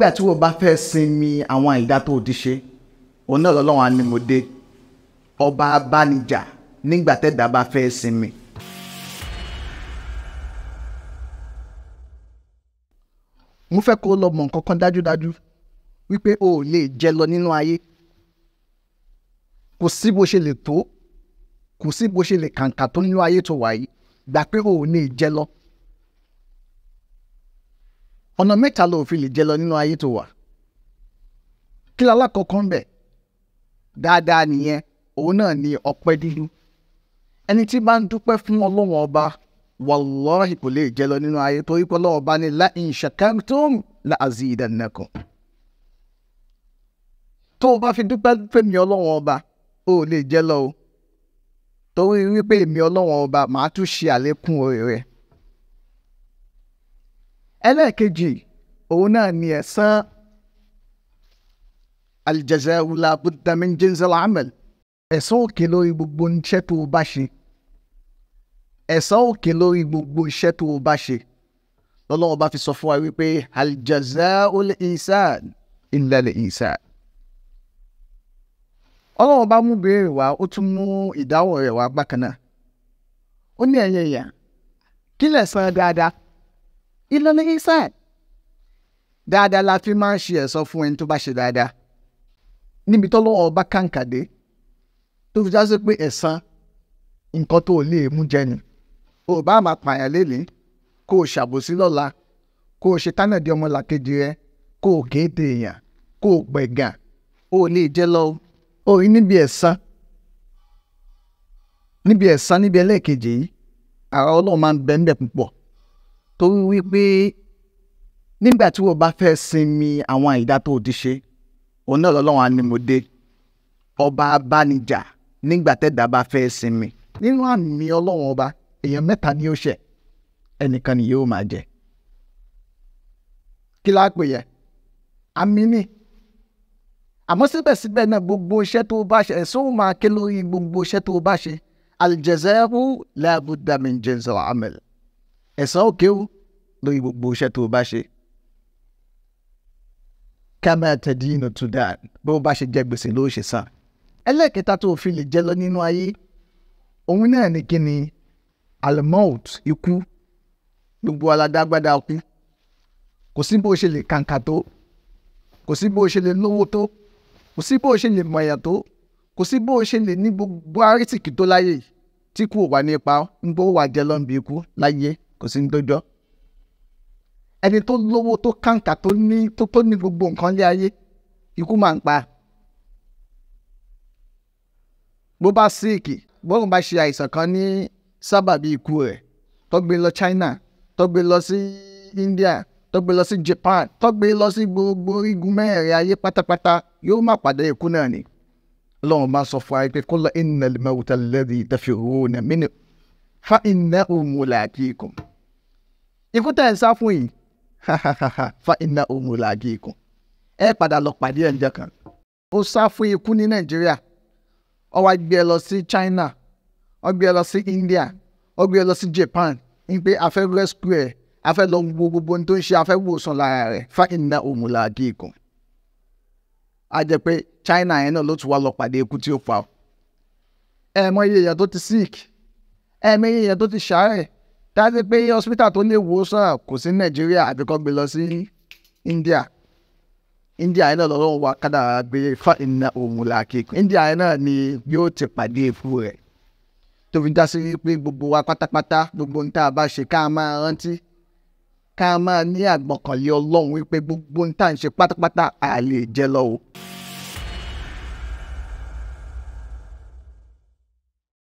nígbà tí wọ́n bá fẹ́ sinmi àwọn àìdá tó ti ṣe òun náà lọ́lọ́wọ́n animode ọba abánijà nígbà tẹ́dá bá fẹ́ sinmi. mo fẹ́ kó lọ mọ̀ nǹkan kan dájúdájú wípé o ò lè jẹ lọ nínú ayé kò sí bó ṣe lè tó kò sí bó ṣe lè kàǹkà tó nínú ayé tó wà gbà pé o ò lè jẹ lọ ọ̀nà mẹ́ta ló fi lè jẹ lọ nínú ayé tó wà kí la lákọ̀ọ́kọ́ ń bẹ̀ dáadáa nìyẹn òun náà ni ọpẹ́ dídú ẹni tí bá ń dúpẹ́ fún ọlọ́wọ́n ọba wàlọ́ọ̀hì kò lè jẹ lọ nínú ayé torí pé ọlọ́wọ́n ọba ní la in shakartum la azidannakum tó o bá fi dúpẹ́ fẹ́mi ọlọ́wọ́n ọba o ò lè jẹ lọ o torí wípé èmi ọlọ́wọ́n ọba màá tún ṣe àlékún oore rẹ̀ ẹlẹ́ẹ̀kejì òun náà ni ẹ̀san aljazau la budda min jinsil amal ẹ̀san òkè lórí gbogbo iṣẹ́ tó o bá ṣe ẹ̀san òkè lórí gbogbo iṣẹ́ tó o bá ṣe lọ́lọ́wọ́ bá fi sọ fún wa wípé aljazaul insan illa al insan ọlọ́wọ́ bá mú béèrè wá ó tún mú ìdáhùn rẹ̀ wá bákan ó ní ẹ̀yẹ̀ yà kí lẹ̀san dáadáa ìlànà ìsàn dáadáa la fi máa ń ṣe ẹ̀sọ́ fún ẹni tó bá ṣe dáadáa níbi tọ́lọ́wọ́ ọba kàǹkàdé tó fi já sí pé ẹ̀san nǹkan tó lè mú jẹ ni o bá máa pààyàn lélẹ̀ kó o ṣàbòsí lọ́la kó o ṣe tánàdí ọmọ làkejì rẹ kó o kéde èèyàn kó o gbẹ̀gàn o lè jẹ́ lọ o rí níbi ẹ̀san níbi ẹ̀san níbi ẹlẹ́ẹ̀kejì yìí àrà ọlọ́run máa ń bẹ́ńbẹ̀ púpọ̀ torí wípé nígbà tí wọ́n bá fẹ́ sinmi àwọn àìdá tó ti ṣe òun náà lọ́lọ́run ànimọ̀dé ọba abánijà nígbà tẹ́dá bá fẹ́ sinmi nínú àmì ọlọ́run ọba èèyàn mẹ́ta ni ó ṣẹ̀ ẹnìkan ni yóò máa jẹ kí láá pè yẹ àmì ni àmọ́ síbẹ̀síbẹ̀ náà gbogbo iṣẹ́ tó bá ṣe ẹ̀sùn máa ké lórí gbogbo iṣẹ́ tó bá ṣe al jazaa'u la budda ẹ̀san òkè o lórí gbogbo iṣẹ́ tó o bá ṣe kámẹ́rà tẹ̀dí inú tó dáa bó o bá ṣe jẹ gbèsè ló ṣe san ẹlẹ́ẹ̀kẹta tó o fi lè jẹ lọ nínú ayé òun náà ni kí ni almout ikú gbogbo aládágbádá kú kò sí bó o ṣe lè kàǹkà tó kò sí bó o ṣe lè lówó tó kò sí bó o ṣe lè mọ̀yà tó kò sí bó o ṣe lè ní gbogbo àrísìkì tó láyè tí kú wà ní ipa ń gbó wà jẹ lọ́nbi ikú láyé kò sí ní tó jọ ẹni tó lówó tó kàǹkà tó ní tó tó ní gbogbo nǹkan lé ayé ikú máa ń pa bó bá síìkì bóun bá ṣe àìsàn kan ní sábàbí ikú rẹ̀ tó lọ China tó lọ sí India tó lọ sí Japan tó lọ sí gbogbo orígun mẹ́rẹ̀ẹ̀rin ayé pátápátá yóò má pàdé ikú náà ni lọ́wọ́n bá sọ fún ayé pé kul innal mawta alladhi tafirruna minhu fa innahu mulaqikum. ikú tẹ̀ ń sá fún yìí fa iná òmùlà àgé ikùn ẹ padà lọ pàdé ẹ̀ ń jẹ́ kan ó sá fún ikú ní nàìjíríà ó wá gbé ẹ e lọ sí china ó gbé ẹ e lọ sí india ó gbé ẹ e lọ sí japan ń pé a fẹ́ rescue ẹ̀ a fẹ́ lọ wo gbogbo ohun tó ń ṣe a fẹ́ wòsàn lára rẹ̀ fa iná òmùlà àgé ikùn a jẹ́ pé china yẹn náà ló tún wá lọ pàdé ikú tí ó pa ọ ẹ mọ iye èèyàn tó ti sick ẹ mọ iye èèyàn tó ti ṣàárẹ̀ dájú pé hospital tó lè wò sàn kò sí nàìjíríà àbí kó gbé lọ sí india india yẹn náà lọ́wọ́ wa kádà gbé fa iná òun là kéèkù india yẹn náà ni yóò ti pàdé ikú rẹ̀ tó fi dá sí pé gbogbo wa pátápátá gbogbo níta bá ṣe ká máa rántí ká máa ní àgbọ̀kànlé ọlọ́run wípé gbogbo níta ń ṣe pátápátá à jẹ́ lọ́wọ́.